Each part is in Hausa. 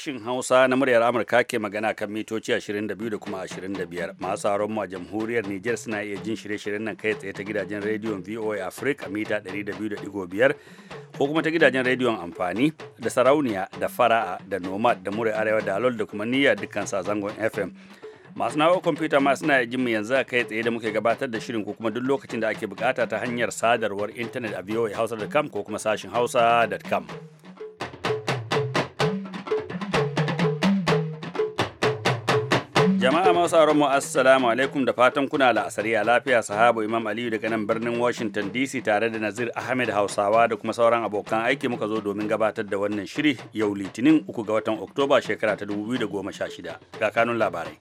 sashin Hausa na muryar Amurka ke magana kan mitoci 22 da kuma 25. Masu sauran mu a jamhuriyar Nijar suna iya jin shirye-shiryen nan kai tsaye ta gidajen rediyon VOA Africa mita 200.5 ko kuma ta gidajen rediyon amfani da sarauniya da fara'a da nomad da muryar arewa da alol da kuma niyya dukkan sa zangon FM. masu nawa kwamfuta ma suna jin mu yanzu a kai tsaye da muke gabatar da shirin ko kuma duk lokacin da ake bukata ta hanyar sadarwar intanet a voahausa.com ko kuma sashin hausa.com. Jama'a masu mu assalamu alaikum da fatan kuna la'asari a lafiya sahabo Imam Aliyu daga nan birnin Washington DC tare da Nazir Ahmed Hausawa da kuma sauran abokan aiki muka zo domin gabatar da wannan shiri yau Litinin uku ga watan Oktoba shekara ta 2016 ga kanun labarai.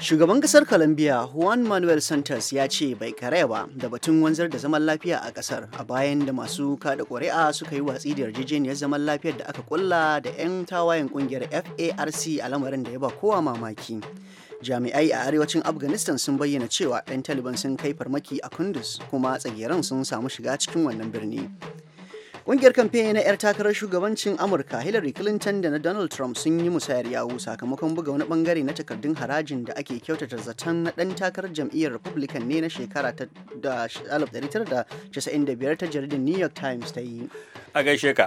Shugaban kasar Colombia Juan Manuel Santos ya ce bai karaya ba da batun wanzar da zaman lafiya a kasar a bayan da masu kada ƙuri'a suka yi watsi da yarjejeniyar zaman lafiyar da aka kulla da 'yan tawayen kungiyar FARC a lamarin da ya ba kowa mamaki. Jami'ai a arewacin Afghanistan sun bayyana cewa 'yan Taliban sun kai farmaki a Kundus, kuma tsagiran sun samu shiga cikin wannan birni. Ƙungiyar kamfe na 'yar takarar shugabancin Amurka Hillary Clinton da na Donald Trump sun yi musayar yawu sakamakon buga wani bangare na takardun harajin da ake kyautata zaton na ɗan takarar jam'iyyar Republican ne na shekara ta 1995 ta jaridin New York Times ta yi. A gaishe ka.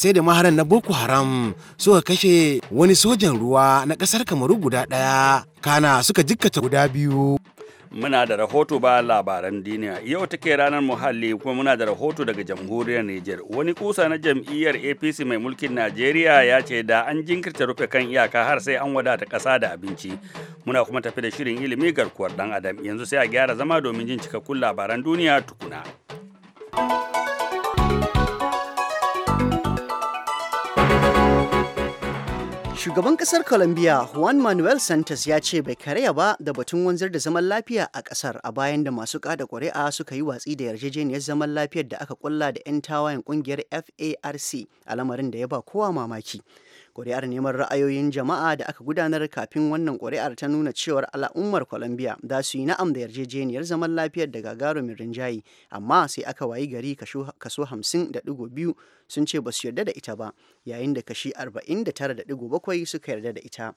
sai da maharan na boko haram suka kashe wani sojan ruwa na kasar kamaru guda ɗaya kana suka jikkata guda biyu muna da rahoto ba labaran duniya yau take ranar muhalli kuma muna da rahoto daga jamhuriyar Nijar wani kusa na jam'iyyar APC mai mulkin Najeriya ya ce da an jinkirta rufe kan iyaka har sai an wadata ƙasa da abinci muna kuma tafi da shirin ilimi garkuwar dan adam yanzu sai a gyara zama domin jin cikakkun labaran duniya tukuna. Shugaban kasar Colombia Juan Manuel Santos ya ce bai karya ba da batun wanzar da zaman lafiya a kasar a bayan da masu kada ƙuri'a suka yi watsi da yarjejeniyar zaman lafiyar da aka kulla da 'yan tawayen kungiyar FARC a lamarin da ya ba kowa mamaki. Ƙuri'ar neman ra'ayoyin jama'a da aka gudanar kafin wannan ƙuri'ar ta nuna cewar al'ummar Colombia za su yi na'am da yarjejeniyar zaman lafiyar da gagarumin rinjaye, amma sai aka wayi gari kaso hamsin da ɗigo biyu sun ce ba su yarda da ita ba, yayin da kashi arba'in da tara da ɗigo bakwai suka yarda da ita.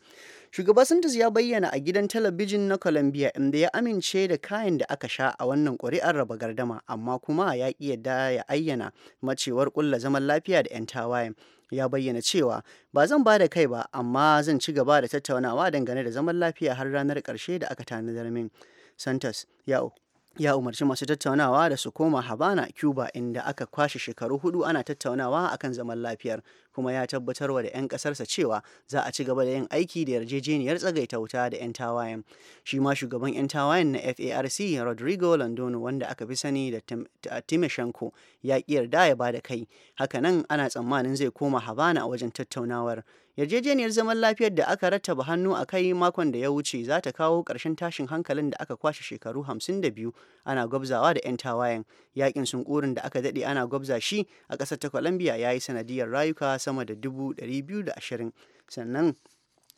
Shugaba Santos ya bayyana a gidan talabijin na Colombia inda ya amince da kayan da aka sha a wannan ƙuri'ar raba gardama, amma kuma ya ƙi yadda ya ayyana macewar ƙulla zaman lafiya da 'yan tawayen. ya bayyana cewa ba zan ba da kai ba amma zan ci gaba da tattaunawa dangane da zaman lafiya har ranar ƙarshe da aka tanadar min santos ya ya umarci masu tattaunawa da su koma habana cuba inda aka kwashe shekaru hudu ana tattaunawa akan zaman lafiyar kuma ya tabbatarwa da 'yan ƙasarsa cewa za a ci gaba da yin aiki da yarjejeniyar tsagaita wuta da 'yan tawayen shi ma shugaban 'yan tawayen na farc rodrigo londono wanda aka fi sani da timoshenko ya ƙi yarda ya ba da kai nan ana tsammanin zai koma habana a wajen tattaunawar yarjejeniyar zaman lafiyar da aka rattaba hannu a kai makon da ya wuce za ta kawo ƙarshen tashin hankalin da aka kwashe shekaru hamsin da biyu ana gwabzawa da 'yan tawayen yakin sunkurin da aka daɗe ana gwabza shi a ƙasar ta colombia ya yi sanadiyar rayuka sama da dubu 220 sannan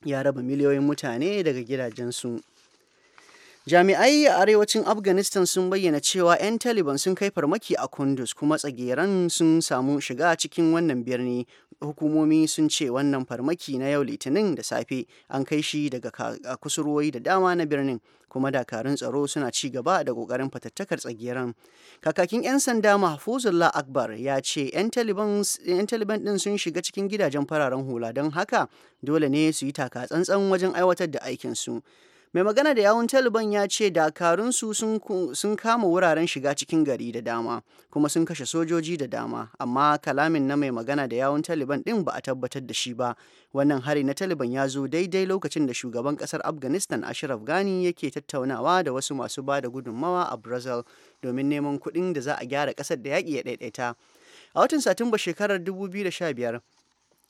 ya raba miliyoyin mutane daga gidajensu. Jami'ai a arewacin Afghanistan sun bayyana cewa 'yan Taliban sun kai farmaki a Kunduz kuma tsageran sun samu shiga cikin wannan birni. Hukumomi sun ce wannan farmaki na yau Litinin da safe an kai shi daga kusurwoyi da dama na birnin kuma dakarun tsaro suna ci gaba da kokarin fatattakar tsageran. Kakakin 'yan sanda Mahfuzullah Akbar ya ce 'yan Taliban din sun shiga cikin gidajen fararen hula don haka dole ne su yi taka tsantsan wajen aiwatar da aikinsu. su. mai magana da yawun taliban ya ce dakarunsu sun kama wuraren shiga cikin gari da dama kuma sun kashe sojoji da dama amma kalamin na mai magana da yawun taliban din ba a tabbatar da shi ba wannan hari na taliban ya zo daidai lokacin da shugaban kasar afghanistan ashraf ghani yake tattaunawa da wasu masu ba da gudunmawa a brazil domin neman kuɗin da za a gyara ƙasar da yaƙi ya ɗaiɗaita a watan satumba shekarar 2015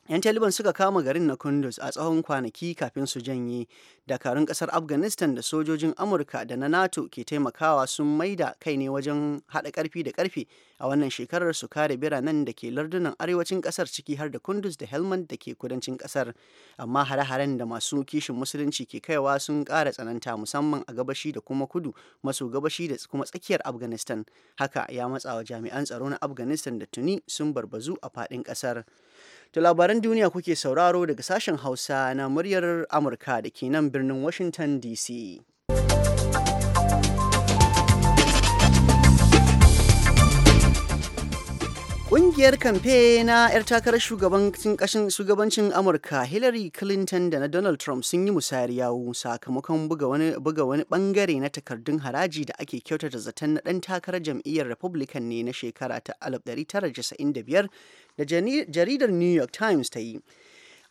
'yan taliban suka kama garin na kunduz a tsawon kwanaki kafin su janye dakarun kasar afghanistan da sojojin amurka da na nato ke taimakawa sun maida kai ne wajen haɗa ƙarfi da karfe a wannan shekarar su kare biranen da ke lardunan arewacin kasar ciki har da kunduz da helmand da ke kudancin kasar amma hare-haren da masu kishin musulunci ke kaiwa sun kara tsananta musamman a gabashi da kuma kudu maso gabashi da kuma tsakiyar afghanistan haka ya matsawa jami'an tsaro na afghanistan da tuni sun barbazu a faɗin ƙasar To labaran duniya kuke sauraro daga sashen Hausa na muryar Amurka da ke nan birnin Washington DC. Ƙungiyar kamfe na 'yar takarar shugabancin Amurka Hillary Clinton da na Donald Trump sun yi musayar yawo sakamakon buga wani buga bangare na takardun haraji da ake kyautata zaton na ɗan takarar jam'iyyar Republican ne na shekara ta 1995 da jaridar New York Times ta yi.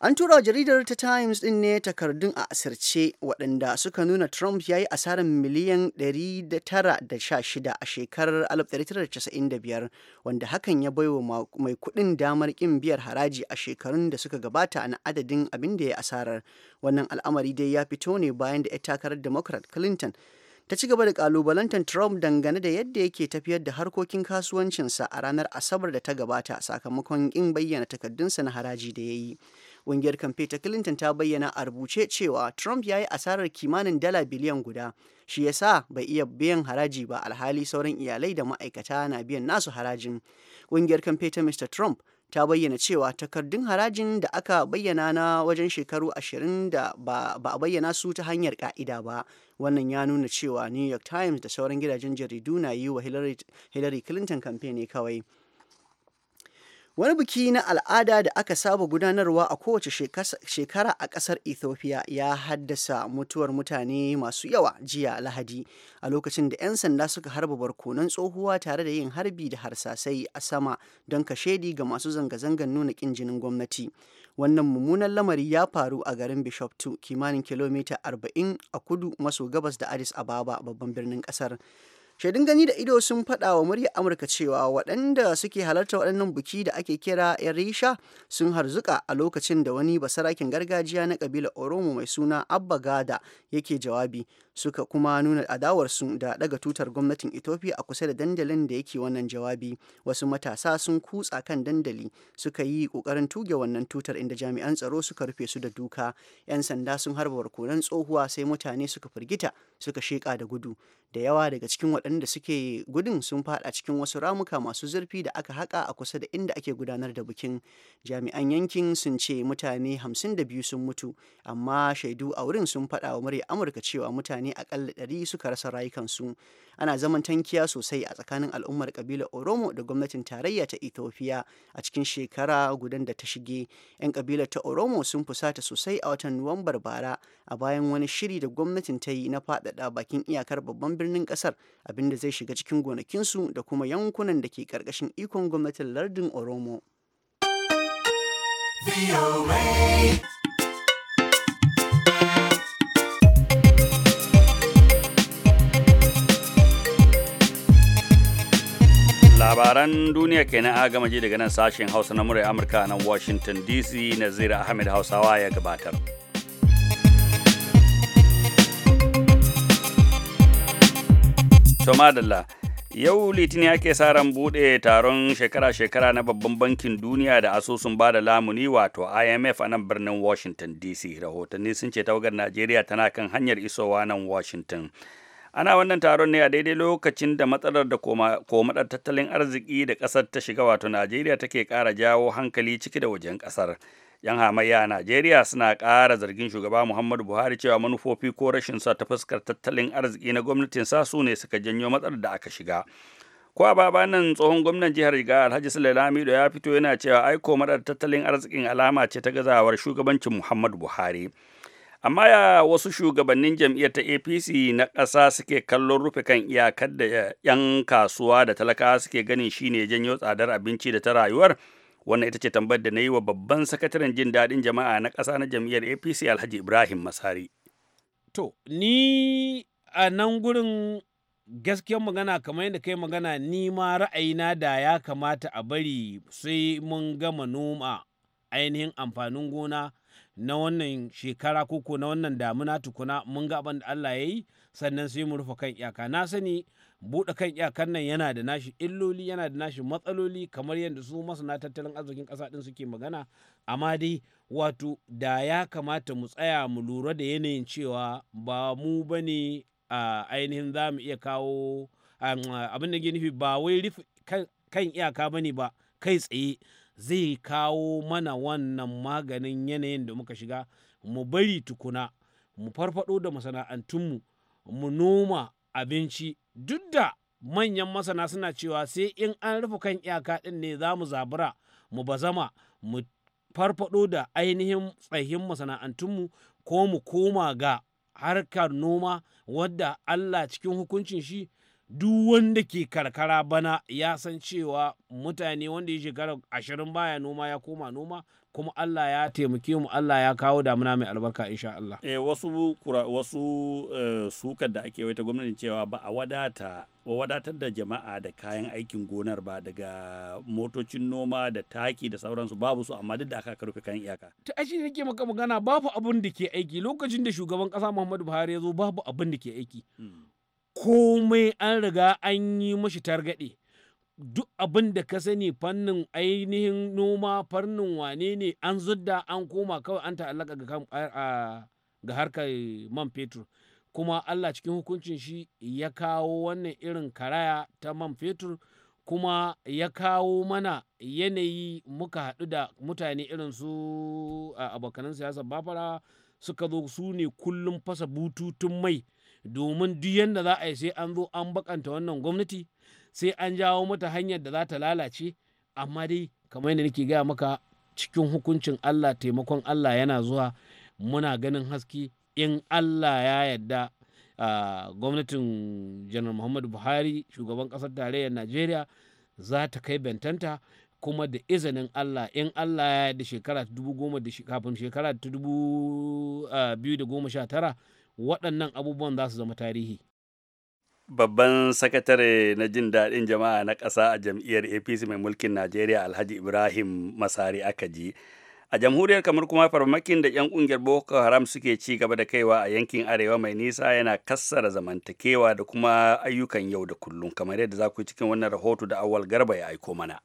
An tura jaridar ta Times ɗin ne takardun a asirce waɗanda suka nuna Trump ya yi asarar miliyan 916 a shekarar 1995 wanda hakan ya baiwa mai kuɗin damar ƙin biyar haraji a shekarun da suka gabata na adadin abin da ya asarar. Wannan al'amari dai ya fito ne bayan da 'ya takarar Democrat Clinton ta ci gaba da kalubalantar Trump dangane da yadda yake tafiyar da harkokin kasuwancinsa a ranar Asabar da ta gabata sakamakon in bayyana takardunsa na haraji da ya yi. Ƙungiyar kamfe ta Clinton ta bayyana a rubuce cewa Trump ya yi asarar kimanin dala biliyan guda, shi ya sa bai iya biyan haraji ba alhali sauran iyalai da ma'aikata na biyan nasu harajin. Ƙungiyar kamfe ta Mr. Trump ta bayyana cewa takardun harajin da aka bayyana na wajen shekaru ashirin da ba a bayyana su ta hanyar ka'ida ba wannan ya nuna cewa new york times da sauran gidajen jaridu na yi wa hillary clinton campaign ne kawai wani biki na al'ada da aka saba gudanarwa a kowace shekara a kasar ethiopia ya haddasa mutuwar mutane masu yawa jiya lahadi a lokacin da 'yan sanda suka harba barkonan tsohuwa tare da yin harbi da harsasai a sama don kashedi ga masu zanga-zangar nuna kin jinin gwamnati Wannan mummunan lamari ya faru a garin bishop 2 kimanin kilomita 40 a kudu maso gabas da Addis Ababa babban birnin kasar. shaidun gani da ido sun faɗa wa muryar amurka cewa waɗanda suke halarta waɗannan buki da ake kira risha sun harzuka a lokacin da wani basarakin gargajiya na kabila oromo mai suna abba gada yake jawabi suka kuma nuna adawarsu da ɗaga tutar gwamnatin ethiopia a kusa da dandalin da yake wannan jawabi wasu matasa sun kutsa kan dandali suka yi ƙoƙarin tuge wannan tutar inda jami'an tsaro suka rufe su da duka 'yan sanda sun harba barkonan tsohuwa sai mutane suka firgita suka sheka da gudu da yawa daga cikin waɗanda suke gudun sun faɗa cikin wasu ramuka masu zurfi da aka haƙa a kusa da inda ake gudanar da bikin jami'an yankin sun ce mutane 52 sun mutu amma shaidu a wurin sun faɗa wa murya amurka cewa mutane aƙalla 100 suka rasa rayukansu ana zaman tankiya sosai a tsakanin al'ummar kabilar oromo da gwamnatin tarayya ta ethiopia a cikin shekara gudan da ta shige 'yan kabilar ta oromo sun fusata sosai a watan nuwambar bara a bayan wani shiri da gwamnatin ta yi na faɗaɗa bakin iyakar babban birnin kasar abinda zai shiga cikin gonakinsu da kuma yankunan da ke karkashin ikon gwamnatin lardin oromo labaran duniya ke a gama daga nan sashen hausa na murai amurka nan washington dc nazira ahmed hausawa ya gabatar. To madalla. Yau Litinin ake sa ran buɗe taron shekara-shekara na Babban Bankin Duniya da asusun bada lamuni wato IMF a nan birnin Washington DC. Rahotanni sun ce tawagar Najeriya tana kan hanyar isowa nan Washington. Ana wannan taron ne a daidai lokacin da matsalar da komadar tattalin arziki da kasar ta shiga wato Najeriya take kara jawo hankali ciki da wajen ƙasar. yan hamayya a najeriya suna ƙara zargin shugaba muhammadu buhari cewa manufofi ko rashin sa ta fuskar tattalin arziki na gwamnatin sa su ne suka janyo matsalar da aka shiga ko a baba nan tsohon gwamnan jihar riga alhaji lamido ya fito yana cewa aiko madar tattalin arzikin alama ce ta gazawar shugabancin muhammadu buhari amma ya wasu shugabannin jam'iyyar ta apc na ƙasa suke kallon rufe kan iyakar da 'yan kasuwa da talakawa suke ganin shine janyo tsadar abinci da ta rayuwar wannan ita ce tambayar da na yi wa babban sakataren jin daɗin jama'a na ƙasa na jam'iyyar apc alhaji ibrahim masari to ni a nan gurin gaskiyar magana kamar yadda kai magana ni ma ra'ayina da ya kamata a bari sai mun gama noma ainihin amfanin gona na wannan shekara koko na wannan damuna tukuna mun ga abin da Allah ya yi sannan sai mu rufe kan iyaka na sani buɗe kan iyakan nan yana da nashi illoli yana da nashi matsaloli kamar yadda su masana tattalin arzikin ƙasa ɗin suke magana amma dai wato da ya kamata mu tsaya mu lura da yanayin cewa ba mu ba ne a ainihin za mu iya kawo abin da nufi ba wai rufe kan iyaka ba ne ba kai tsaye zai kawo mana wannan maganin yanayin da muka shiga mu bari tukuna mu farfado da masana'antunmu mu noma abinci duk da manyan masana suna cewa sai in an rufe kan iyaka ɗin ne za mu zabura mu bazama mu farfado da ainihin tsayin masana'antunmu ko mu koma ga harkar noma wadda Allah cikin hukuncin shi duk wanda ke karkara bana ya san cewa mutane wanda ya shekara ashirin baya noma ya koma noma kuma Allah ya taimake mu Allah ya kawo damuna mai albarka insha Allah. Eh wasu wasu eh, sukar da ake waita gwamnatin cewa ba a wadata wa wadatar da jama'a da kayan aikin gonar ba daga motocin noma da taki da sauransu babu su amma duk da aka karfe kayan iyaka. Ta ashe nake maka magana babu abin da ke aiki lokacin da shugaban kasa Muhammadu Buhari ya zo babu abin da ke aiki. Hmm. Komai an riga an yi mashi targaɗe. duk abin da ka sani fannin ainihin noma fannin wane ne an zudda an koma kawai an ta'allaka ga harkar man fetur kuma allah cikin hukuncin shi ya kawo wannan irin karaya ta man fetur kuma ya kawo mana yanayi muka haɗu da mutane irin su abokanan siyasar bafara suka zo su ne kullum fasa bututun mai domin duk yadda za a yi sai an zo an bakanta wannan gwamnati sai an jawo mata hanyar da za ta lalace amma dai kamar yadda nake gaya maka cikin hukuncin Allah taimakon Allah yana zuwa muna ganin haske in Allah ya yarda gwamnatin janar Muhammadu Buhari shugaban ƙasar tarayyar Najeriya za ta kai bentanta kuma da izinin Allah in Allah ya yarda shekara kafin shekara ta dubu biyu da goma sha tara waɗannan abubuwan za su zama tarihi babban sakatare na jin daɗin jama'a na ƙasa a jam'iyyar apc mai mulkin najeriya alhaji ibrahim masari akaji a jamhuriyar kamar kuma farmakin da 'yan ƙungiyar boko haram suke ci gaba da kaiwa a yankin arewa mai nisa yana kassara zamantakewa da kuma ayyukan yau da kullum kamar yadda za ku yi cikin wannan rahoto da awal garba ya aiko mana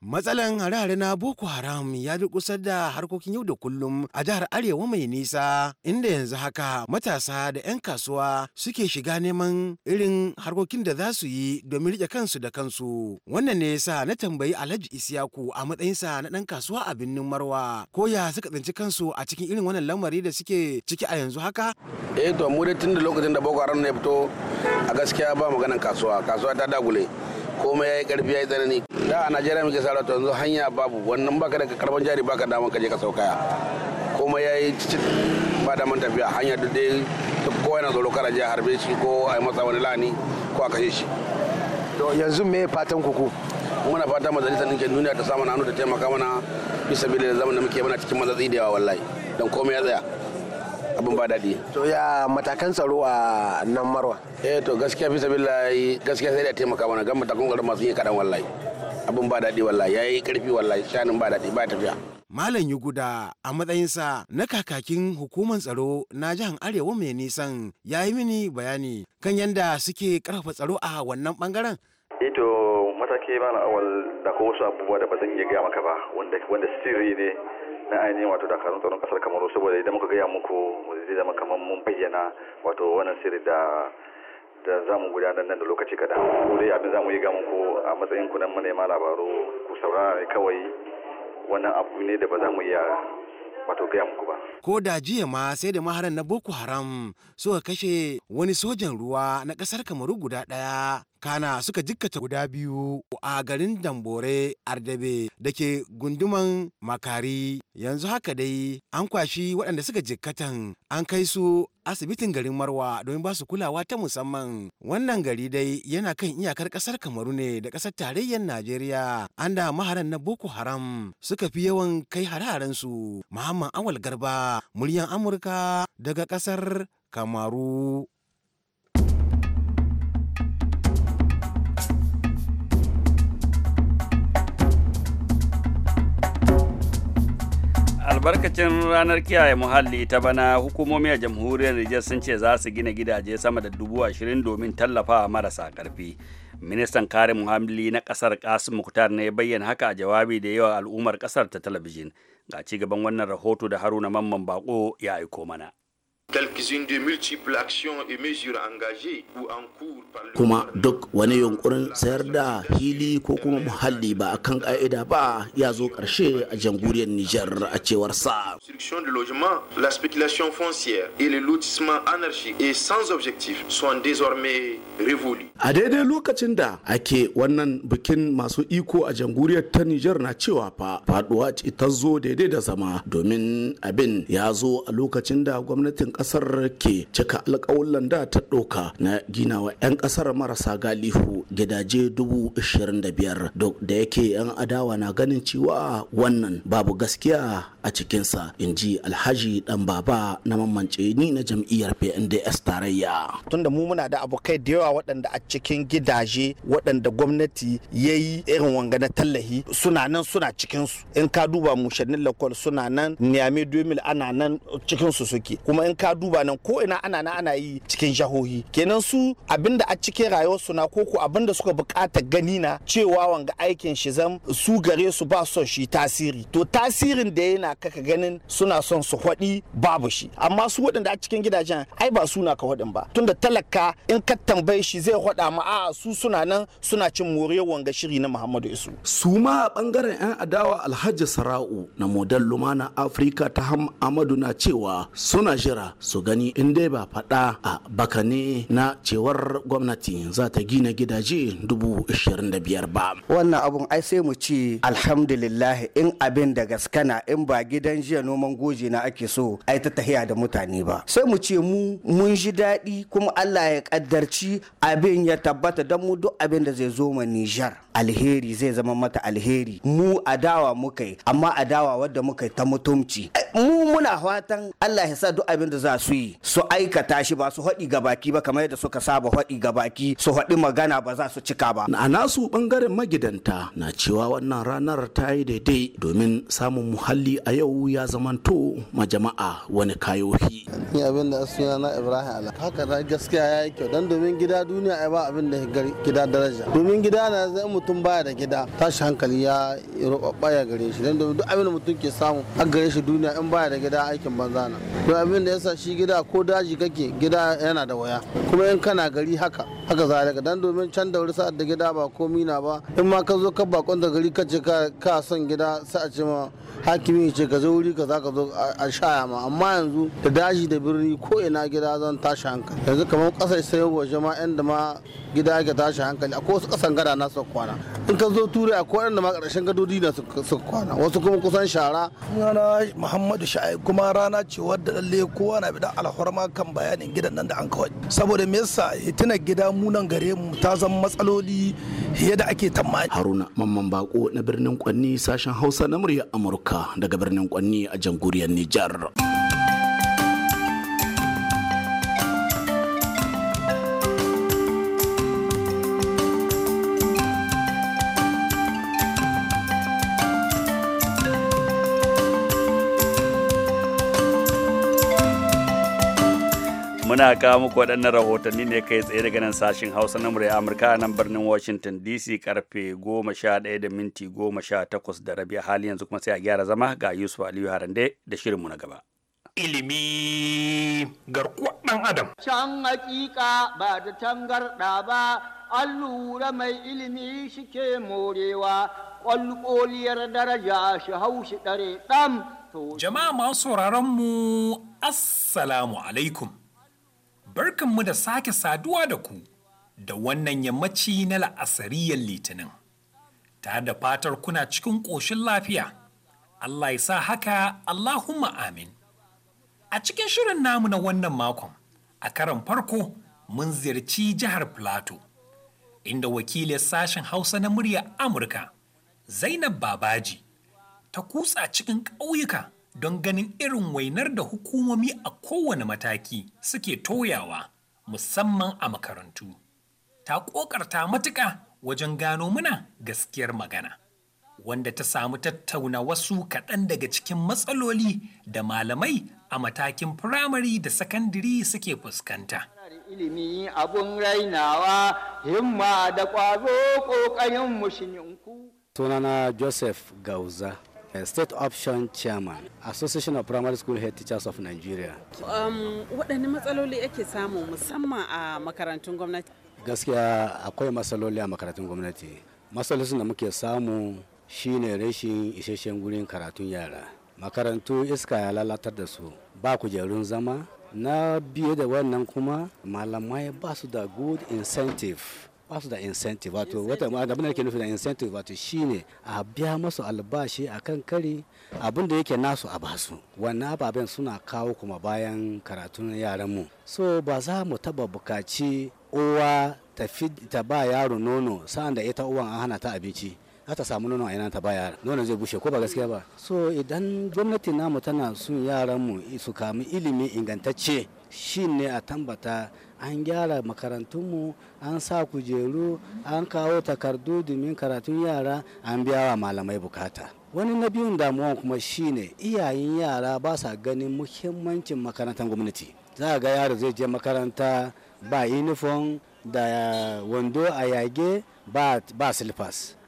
matsalan hare-hare na boko haram ya durkusar da harkokin yau da kullum a jihar arewa mai nisa inda yanzu haka matasa da 'yan kasuwa suke shiga neman irin harkokin da za su yi domin rike kansu da kansu wannan ne yasa na tambayi alhaji isiyaku a matsayinsa na ɗan kasuwa a birnin marwa ko ya suka tsinci kansu a cikin irin wannan lamari da suke ciki a yanzu haka eh to mu dai tun da lokacin da boko haram ne fito a gaskiya ba maganan kasuwa kasuwa ta dagule komai yi karfi yi tsanani da a Najeriya muke sa to yanzu hanya babu wannan baka da karban jari baka daman je ka saukaya komai cicit ba daman tafiya hanya duk dai ko yana tsoro kar a harbe shi ko a yi masa wani lani ko a kashe shi to yanzu me fatan kuku. muna fata majalisar ɗinkin duniya ta samu hannu ta taimaka mana bisa bilin zaman da muke mana cikin matsatsi da yawa wallahi don komai ya tsaya abin ba daɗi. To ya matakan tsaro a nan marwa? Eh to gaskiya fi sabillahi gaskiya sai da taimaka mana gan matakan tsaro masu yi kaɗan wallahi. Abin ba daɗi wallahi ya yi ƙarfi wallahi shanin ba daɗi ba tafiya. Malam Yuguda a matsayinsa na kakakin hukumar tsaro na jihar Arewa mai nisan ya yi mini bayani kan yadda suke ƙarfafa tsaro a wannan ɓangaren. Ito eh mataki mana awal da ko wasu abubuwa da ba zan iya gaya maka ba wanda wanda sirri ne na ainihin wato dakarun tsaron kasar kamaru saboda idan muka gaya muku zai zama kamar mun bayyana wato wannan sirri da da za mu gudanar nan da lokaci kaɗan ko dai abin za mu yi ga muku a matsayin ku nan manema labaru ku saurara ne kawai wannan abu ne da ba za mu iya wato gaya muku ba. Ko da jiya ma sai da maharan na Boko Haram suka kashe wani sojan ruwa na kasar Kamaru guda ɗaya kana suka jikkata guda biyu a garin dambore ardabe da ke gunduman makari yanzu haka dai an kwashi waɗanda suka jikkatan an kai su asibitin garin marwa domin ba su kulawa ta musamman wannan gari dai yana kan iyakar ƙasar kamaru ne da ƙasar tarayyar najeriya an da maharan na boko haram suka fi yawan kai hararensu, muhammad awal garba muryan amurka daga ƙasar kamaru albarkacin ranar kiyaye muhalli ta bana hukumomi a jamhuriyar Nijar sun ce za su gina gidaje sama da dubu ashirin domin tallafawa marasa karfi. Ministan kare muhalli na kasar Kasim Mukhtar ne bayyana haka a jawabi da yawa al'ummar kasar ta talabijin. Ga ci gaban wannan rahoto da Haruna Mamman Bako ya aiko mana. Quelques-unes des multiples actions et mesures engagées ou en cours par le Kuma duk wani yunkurin sayar da hili ko kuma muhalli ba akan ka'ida ba ya zo karshe a jamhuriyar Niger a cewar sa. Construction de logement, la spéculation foncière et le lotissement anarchique et sans objectif sont désormais révolus. A daidai lokacin da ake wannan bikin masu iko a jamhuriyar ta Niger na cewa fa faduwa ta zo daidai da zama domin abin ya zo a lokacin da gwamnatin kasar ke cika alƙawullan da ta ɗauka na ginawa 'yan kasar marasa galihu gidaje dubu da biyar duk da yake 'yan adawa na ganin cewa wannan babu gaskiya a cikinsa in ji alhaji dan baba na mamance ni na jam'iyyar pnds tarayya tunda mu muna da abokai da yawa waɗanda a cikin gidaje waɗanda gwamnati ya yi irin wanga na tallahi suna nan suna cikinsu in ka duba mushannin lakwal suna nan niyame 2000 ana nan cikinsu suke kuma in ka ka duba nan ko ina ana na ana yi cikin jahohi kenan su abinda a cikin rayuwarsu na koko abinda suka bukata gani na cewa wanga aikin shi zam su gare su ba son shi tasiri to tasirin da yana kaka ganin suna son su hwaɗi babu shi amma su waɗanda a cikin gidajen ai ba suna ka hwaɗin ba tunda talaka in ka tambaye shi zai hwaɗa ma a su suna nan suna cin moriyar wanga shiri na muhammadu isu su ma a bangaren yan adawa alhaji sara'u na model lumana afirka ta ham amadu na cewa suna jira su gani in dai ba faɗa a bakane na cewar gwamnati za ta gina gidaje dubu da biyar ba. Wannan abun ai sai mu ci alhamdulillah in abin da gaskana in ba gidan jiya noman goji na ake so ai ta tahiya da mutane ba. Sai mu ce mu mun ji daɗi kuma Allah ya kaddarci abin ya tabbata don mu duk abin da zai zo ma Nijar alheri zai zama mata alheri mu adawa muka yi amma adawa wadda muka yi ta mutumci. Eh, mu muna fatan Allah ya sa duk abin da za za su yi su aikata shi ba su haɗi gabaki ba kamar yadda suka saba haɗi gabaki su haɗi magana ba za su cika ba a nasu bangaren magidanta na cewa wannan ranar ta yi daidai domin samun muhalli a yau ya zamanto ma jama'a wani kayohi ni abin da suna na ibrahim ala haka da gaskiya ya yi kyau don domin gida duniya ai ba abin da gida daraja domin gida na zai mutum baya da gida tashi hankali ya ya gare shi don domin duk abin da mutum ke samu a gare shi duniya in baya da gida aikin banza na don abin da yasa shi gida ko daji kake gida yana da waya kuma in kana gari haka haka daga dan domin can da wuri sa'ad da gida ba komi na ba in ma ka zo ka bakon da gari ka ce ka son gida sai a ce ma hakimi ce ka zo wuri ka za ka zo a shaya ma amma yanzu da daji da birni ko ina gida zan tashi hankali yanzu kamar kasar sai waje ma yan da ma gida ka tashi hankali akwai wasu kasan gada na su kwana in ka zo turai akwai wanda ma karshen gadodi na su kwana wasu kuma kusan shara sunana muhammadu sha'i kuma rana ce wadda lalle kowa na bidan alhorma kan bayanin gidan nan da an kawai saboda me yasa hitinar gida mu nan gare mu ta zama matsaloli fiye da ake tamani haruna mamman bako na birnin kwanni sashen hausa na murya amurka daga birnin kwanni a jamhuriyar nijar muna kawo muku waɗannan rahotanni ne kai tsaye daga nan sashen hausa na murya amurka a nan birnin washington dc karfe 11 da minti 18 da rabi hali yanzu kuma sai a gyara zama ga yusuf aliyu harande da shirinmu na gaba ilimi garkuwar ɗan adam can hakika ba da tangarɗa ba allura mai ilimi shike morewa ƙwalƙoliyar daraja shi haushi ɗare ɗam jama'a masu sauraron mu assalamu alaikum Barkanmu da sake saduwa da ku da wannan yammaci na la'asariyar litinin. Ta da fatar kuna cikin ƙoshin lafiya. Allah ya sa haka Allahumma amin. A cikin shirin namu na wannan makon, a karan farko mun ziyarci jihar Plateau, inda wakilin sashen Hausa na murya Amurka, Zainab Babaji, ta kutsa cikin ƙauyuka don ganin irin wainar da hukumomi a kowane mataki suke toyawa musamman a makarantu. Ta ƙoƙarta matuƙa wajen gano muna gaskiyar magana, wanda ta samu tattauna wasu kaɗan daga cikin matsaloli da malamai a matakin firamare da sakandiri suke fuskanta. ilimi abun rainawa himma da ƙwazo ƙoƙarin Sunana Joseph Gauza. state option chairman association of primary school head teachers of nigeria um, waɗanne matsaloli ake samu musamman a makarantun gwamnati gaskiya akwai matsaloli a makarantun gwamnati matsalolin da muke samu shine rashin isasshen gurin karatun yara makarantu iska ya lalatar da su ba kujerun zama na biye da wannan kuma malamai ba su da good incentive ba su da incentive wato wata da muna ke nufi da incentive wato shine a biya masu albashi a kan kari abin da yake nasu a basu wannan ababen suna kawo kuma bayan karatun yaran mu so ba za mu taba bukaci uwa ta ba yaro nono sa'an da ita uwan an hana ta abinci za ta samu nono a yana ta baya nono zai bushe ko ba gaskiya ba so idan gwamnati namu tana sun yaran mu su kamu ilimi ingantacce shi ne a tambata an gyara makarantunmu an sa kujeru an kawo takardu domin karatun yara an biya wa malamai bukata wani na biyun damuwan kuma shine iyayen yara ba sa ganin muhimmancin makarantar gwamnati za ga yaro zai je makaranta ba uniform da wando a yage ba, ba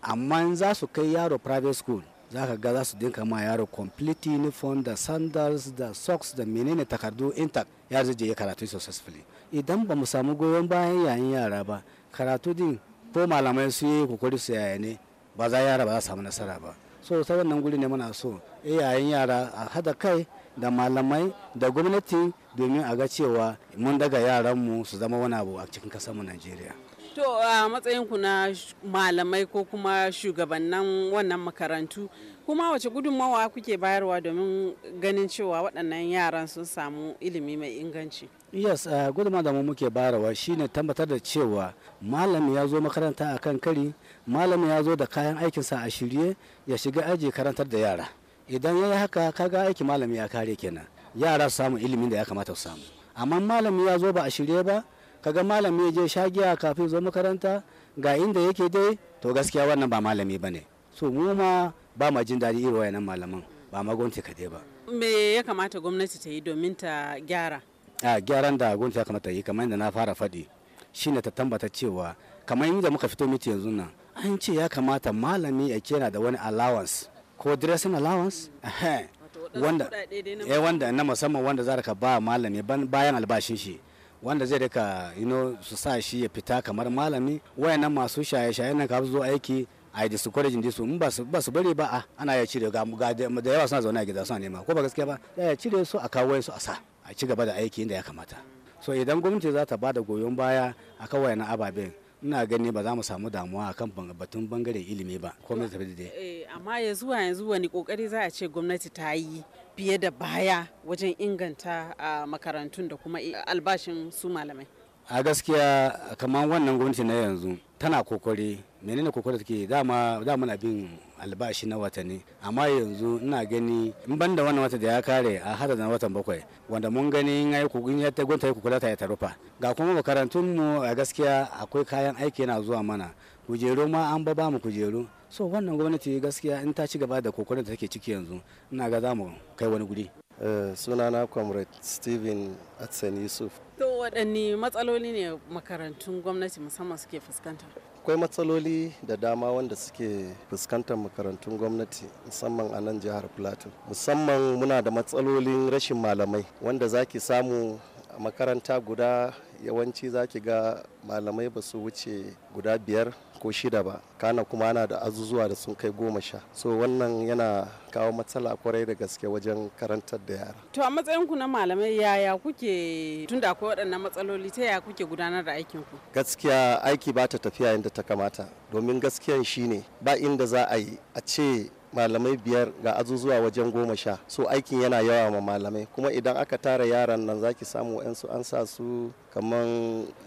amma in za su kai yaro private school za ka ga za su dinka ma yaro complete uniform da sandals da socks da menene takardu intact ya zai je ya karatu successfully idan ba mu samu goyon bayan yayin yara ba karatu din ko malamai su yi kokari su yaya ne ba za yara ba za samu nasara ba so ta wannan guri ne muna so eh, yayin yara a hada kai da malamai da gwamnati domin a ga cewa mun daga yaran mu su zama wani abu a cikin mu najeriya To a matsayin ku na malamai ko kuma shugabannin wannan makarantu kuma wace gudunmawa kuke bayarwa domin ganin cewa waɗannan yaran sun samu ilimi mai inganci? Yes, uh, gudunmawa da mu muke bayarwa shine tabbatar da cewa malami ya zo makaranta a kan kari, malami ya zo da kayan aikinsa a shirye ya shiga aji karantar da yara. Idan ya yi haka kaga aiki malami ya kare kenan. Yara samu ilimin da ya kamata su samu. Amma malami ya zo ba a shirye ba, kaga malami ya je shagiya kafin zo makaranta ga inda yake dai to gaskiya wannan ba malami bane so mu ma ba ma jin daɗi irin wayannan malaman ba ma gwamnati kaɗai ba me ya kamata gwamnati ta yi domin ta gyara a gyaran da gwamnati ya kamata yi kamar yadda na fara faɗi shine ta tambata cewa kamar yadda muka fito miti yanzu nan an ce ya kamata malami ya kera da wani allowance ko dressing allowance eh, wanda na musamman wanda za ka ba malami bayan albashin shi wanda zai rika you know, su sa shi ya fita kamar malami wayannan masu shaye-shaye na kafin zo aiki a yi discouraging disu ba su bari ba a ana ya cire ga da yawa suna zaune a gida suna nema ko ba gaskiya ba ya cire su a kawo su a sa a ci gaba da aiki inda ya kamata so idan gwamnati za ta ba da goyon baya a kawai na ababen ina gani ba za mu samu damuwa akan batun bangaren ilimi ba komai tafi da eh, amma ya zuwa yanzu wani kokari za a ce gwamnati ta yi fiye da baya wajen inganta a makarantun da kuma albashin su malamai a gaskiya kamar wannan gwamnati na yanzu tana kokari menene kokari take dama dama na bin albashi na watanni amma yanzu ina gani in ban wannan wata da ya kare a hada da watan bakwai wanda mun gani in ai kokarin ya ta gwamnati ta yi ga kuma makarantun mu a gaskiya akwai kayan aiki yana zuwa mana kujeru ma an ba mu kujeru so wannan gwamnati gaskiya in ta ci gaba da kokarin da take ciki yanzu ina ga zamu kai wani guri eh, sunana comrade steven atsan yusuf to waɗanne matsaloli ne makarantun gwamnati musamman suke fuskanta akwai matsaloli da dama wanda suke fuskantar makarantun gwamnati musamman a nan jihar plateau musamman muna da matsalolin rashin malamai wanda zaki samu makaranta guda yawanci zaki ga malamai ba su wuce guda biyar ko shida ba kana kuma ana da azuzuwa da sun kai goma sha so wannan yana kawo matsala kwarai da gaske wajen karantar da yara to a matsayin ku na malamai yaya kuke tunda akwai waɗannan matsaloli ta ya kuke gudanar da aikin ku gaskiya aiki ba ta tafiya yadda ta kamata domin gaskiyan shine ba inda za a yi a ce malamai biyar ga azuzuwa wajen goma sha so aikin yana yawa ma malamai kuma idan aka tara yaran nan zaki samu yansu an sa su kamar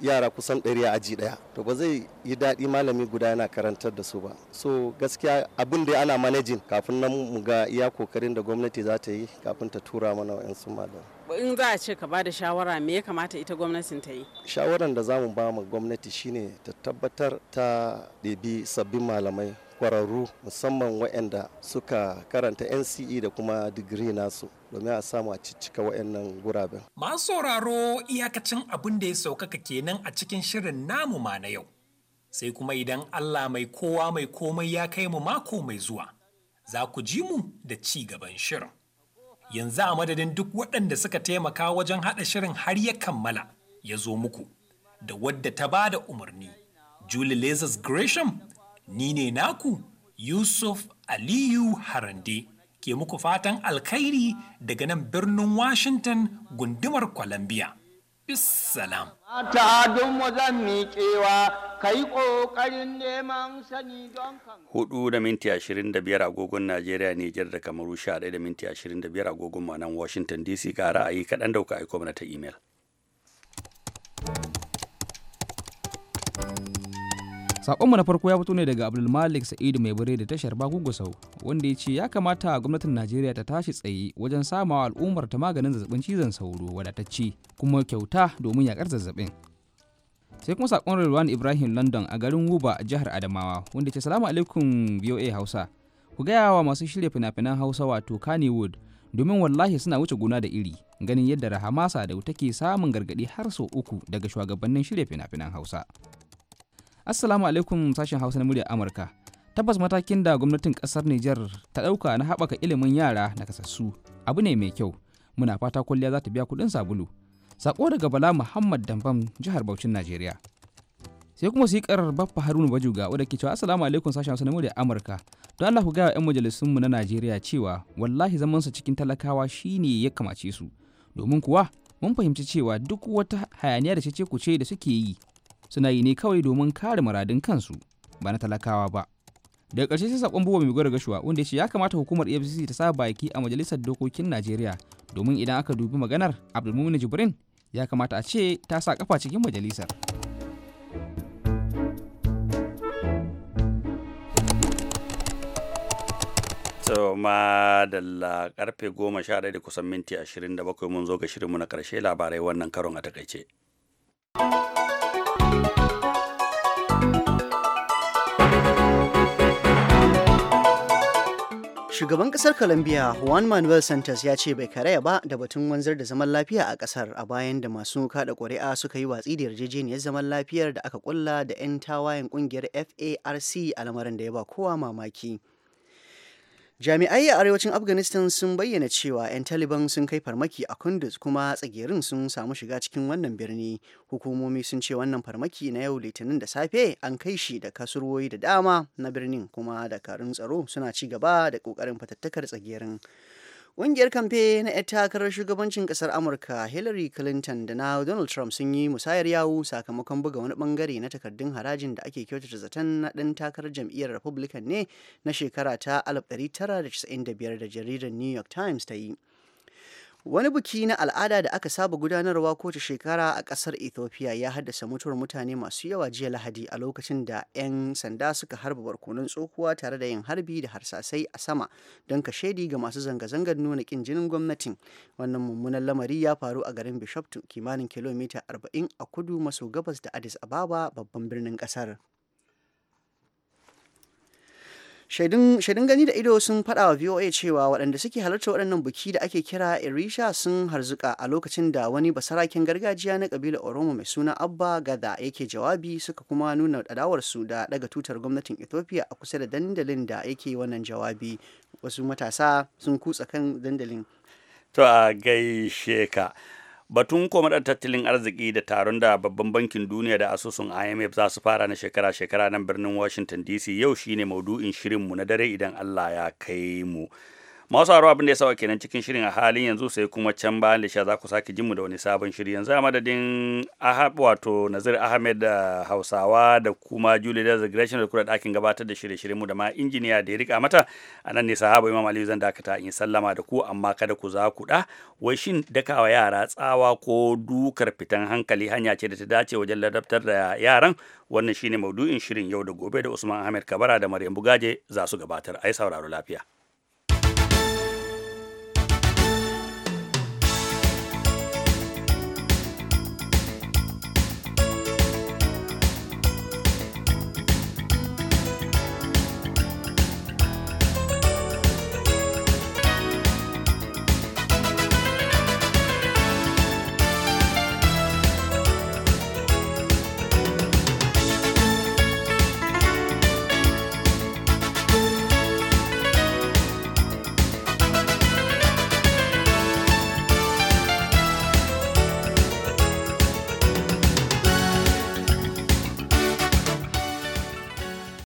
yara kusan ɗari a aji ɗaya to ba zai yi daɗi malami guda yana karantar da su ba so gaskiya abin da ana manajin kafin nan mu ga iya kokarin da gwamnati za ta yi kafin ta tura mana yansu malamai in za a ce ka ba da shawara me ya kamata ita gwamnatin ta yi shawaran da za mu ba ma gwamnati shine ta tabbatar ta ɗebi sabbin malamai kwararru musamman waɗanda suka karanta NCE da kuma digiri nasu domin a samu a ciccika waɗannan guraben. Masu sauraro iyakacin abin da ya saukaka kenan a cikin shirin namu ma na yau. Sai kuma idan Allah mai kowa mai komai ya kai mu mako mai zuwa, za ku ji mu da ci gaban shirin. Yanzu a madadin duk waɗanda suka taimaka wajen haɗa shirin har ya kammala ya zo muku, da wadda ta ba da umarni, Julie Lazarus Gresham ni ne naku Yusuf Aliyu Harande ke muku fatan alkhairi daga nan birnin Washington gundumar Columbia. Bissalam. Ta'adun mu zan miƙewa kai ƙoƙarin neman sani don kan. Hudu da minti ashirin da biyar agogon Najeriya Nijar da Kamaru sha ɗaya da minti ashirin da biyar agogon nan Washington DC ga ra'ayi kaɗan dauka aiko mana ta imel. Sakonmu na farko ya fito ne daga Abdulmalik Sa'idu mai bare da tashar Bagugusau wanda ya ce ya kamata gwamnatin Najeriya ta tashi tsaye wajen samawa al'ummar ta maganin zazzabin cizon sauro wadatacce kuma kyauta domin yakar zazzabin. Sai kuma sakon Rilwan Ibrahim London a garin Wuba jihar Adamawa wanda ce salamu alaikum VOA Hausa. Ku gaya wa masu shirya fina-finan Hausa wato Kannywood domin wallahi suna wuce gona da iri ganin yadda Rahama Sadau take samun gargadi har sau uku daga shugabannin shirya fina-finan Hausa. Assalamu alaikum sashen Hausa na muryar Amurka. Tabbas matakin da gwamnatin ƙasar Nijar ta ɗauka na haɓaka ilimin yara na kasassu abu ne mai kyau. Muna fata kwalliya za ta biya kuɗin sabulu. Sako daga Bala Muhammad Dambam jihar Bauchin Najeriya. Sai kuma ƙarar Baffa Haruna Bajuga wadda ke cewa Assalamu alaikum sashen Hausa na muryar Amurka. Don Allah ku gaya wa 'yan majalisunmu na Najeriya cewa wallahi zamansa cikin talakawa shine ya kamace su. Domin kuwa mun fahimci cewa duk wata hayaniya da ce-cefu ce da suke yi suna yi ne kawai domin kare muradin kansu ba na talakawa ba daga ƙarshe sai sakon buwa mai gwada gashuwa wanda ya ce ya kamata hukumar efcc ta sa baki a majalisar dokokin najeriya domin idan aka dubi maganar abdulmumin jibrin ya kamata a ce ta sa kafa cikin majalisar so ma da karfe goma sha da kusan minti ashirin da mun zo ga shirinmu na karshe labarai wannan karon a takaice. Shugaban kasar Colombia Juan Manuel Santos ya ce bai karaya ba da batun wanzar da zaman lafiya a kasar a bayan da masu kada ƙuri'a suka yi watsi da yarjejeniyar zaman lafiyar da aka kulla da 'yan tawayen kungiyar FARC a lamarin da ya ba kowa mamaki. Jami'ai a arewacin Afghanistan sun bayyana cewa 'yan Taliban sun kai farmaki a Kunduz kuma tsagerin sun samu shiga cikin wannan birni. Hukumomi sun ce wannan farmaki na yau Litinin da safe an kai shi da kasurwoyi da dama na birnin kuma da karin tsaro suna ci gaba da ƙoƙarin fatattakar tsagerin. Ƙungiyar kamfe na 'yar takarar shugabancin ƙasar Amurka Hillary Clinton da na Donald Trump sun yi musayar yawo sakamakon buga wani bangare na takardun harajin da ake kyautata zaton na ɗan takarar jam'iyyar Republican ne na shekara ta 1995 da jaridar New York Times ta yi. Wani biki na al'ada da aka saba gudanarwa kowace shekara a ƙasar Ethiopia ya haddasa mutuwar mutane masu yawa jiya Lahadi a lokacin da 'yan sanda suka harba barkonon tsohuwa tare da yin harbi da harsasai a sama don kashedi ga masu zanga-zangar nuna kin jinin gwamnatin. Wannan mummunan lamari ya faru a garin Bishoptu kimanin kilomita 40 a kudu maso gabas da Addis Ababa babban birnin ƙasar. shaidun gani da ido sun faɗa wa voa cewa waɗanda suke halarta waɗannan buki da ake kira irisha sun harzuka a lokacin da wani basaraken gargajiya na ƙabilar oromo mai suna abba gada yake jawabi suka kuma nuna adawarsu da ɗaga tutar gwamnatin ethiopia a kusa da dandalin da yake wannan jawabi wasu matasa sun kutsa kan dandalin to a gaishe ka batun da tattalin arziki da taron da babban bankin duniya da asusun imf za su fara na shekara-shekara nan birnin washington dc yau shine maudu'in shirinmu na dare idan allah ya kai mu masu aro abin da ya sawa kenan cikin shirin a halin yanzu sai kuma can bayan da sha za ku sake jinmu da wani sabon shiri yanzu a madadin wato nazir ahmed da hausawa da kuma julie da zagreshin da kura dakin gabatar da shirye-shiryen mu da ma injiniya da ya rika mata a nan ne sahaba imam aliyu zan dakata in sallama da ku amma kada ku za ku ɗa wai shin dakawa yara tsawa ko dukar fitan hankali hanya ce da ta dace wajen ladabtar da yaran wannan shine maudu'in shirin yau da gobe da usman ahmed kabara da maryam bugaje za su gabatar a ai sauraro lafiya